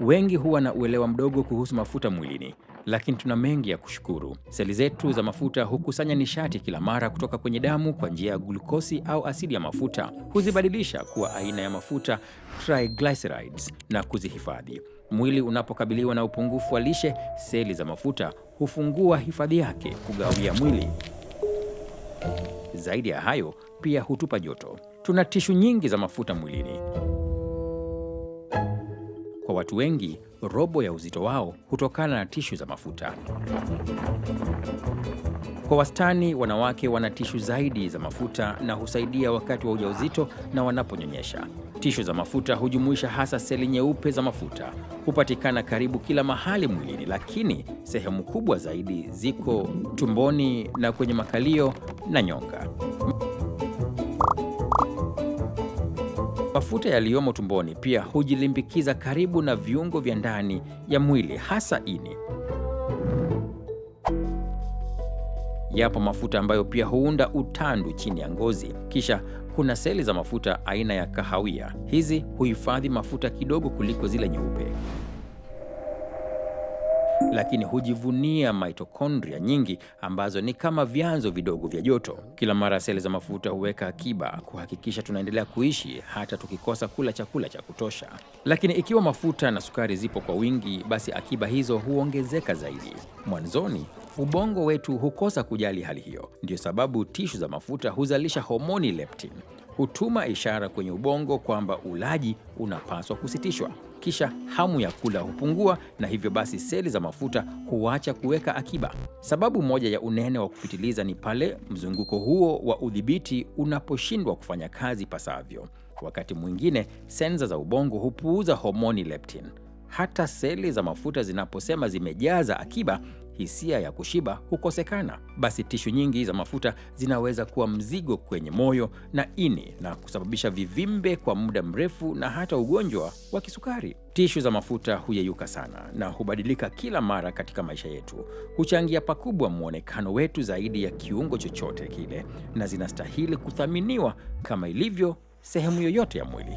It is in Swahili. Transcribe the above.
Wengi huwa na uelewa mdogo kuhusu mafuta mwilini, lakini tuna mengi ya kushukuru. Seli zetu za mafuta hukusanya nishati kila mara kutoka kwenye damu kwa njia ya glukosi au asidi ya mafuta, huzibadilisha kuwa aina ya mafuta triglycerides na kuzihifadhi. Mwili unapokabiliwa na upungufu wa lishe, seli za mafuta hufungua hifadhi yake kugawia mwili. Zaidi ya hayo, pia hutupa joto. Tuna tishu nyingi za mafuta mwilini. Kwa watu wengi, robo ya uzito wao hutokana na tishu za mafuta. Kwa wastani, wanawake wana tishu zaidi za mafuta na husaidia wakati wa ujauzito na wanaponyonyesha. Tishu za mafuta hujumuisha hasa seli nyeupe za mafuta. Hupatikana karibu kila mahali mwilini, lakini sehemu kubwa zaidi ziko tumboni na kwenye makalio na nyonga. Mafuta yaliyomo tumboni pia hujilimbikiza karibu na viungo vya ndani ya mwili, hasa ini. Yapo mafuta ambayo pia huunda utandu chini ya ngozi. Kisha kuna seli za mafuta aina ya kahawia. Hizi huhifadhi mafuta kidogo kuliko zile nyeupe lakini hujivunia mitokondria nyingi ambazo ni kama vyanzo vidogo vya joto. Kila mara seli za mafuta huweka akiba kuhakikisha tunaendelea kuishi hata tukikosa kula chakula cha kutosha. Lakini ikiwa mafuta na sukari zipo kwa wingi, basi akiba hizo huongezeka zaidi. Mwanzoni ubongo wetu hukosa kujali hali hiyo. ndio sababu tishu za mafuta huzalisha homoni leptin hutuma ishara kwenye ubongo kwamba ulaji unapaswa kusitishwa. Kisha hamu ya kula hupungua na hivyo basi seli za mafuta huacha kuweka akiba. Sababu moja ya unene wa kupitiliza ni pale mzunguko huo wa udhibiti unaposhindwa kufanya kazi pasavyo. Wakati mwingine sensa za ubongo hupuuza homoni leptin. Hata seli za mafuta zinaposema zimejaza akiba, hisia ya kushiba hukosekana. Basi tishu nyingi za mafuta zinaweza kuwa mzigo kwenye moyo na ini na kusababisha vivimbe kwa muda mrefu na hata ugonjwa wa kisukari. Tishu za mafuta huyeyuka sana na hubadilika kila mara katika maisha yetu. Huchangia pakubwa mwonekano wetu zaidi ya kiungo chochote kile, na zinastahili kuthaminiwa kama ilivyo sehemu yoyote ya mwili.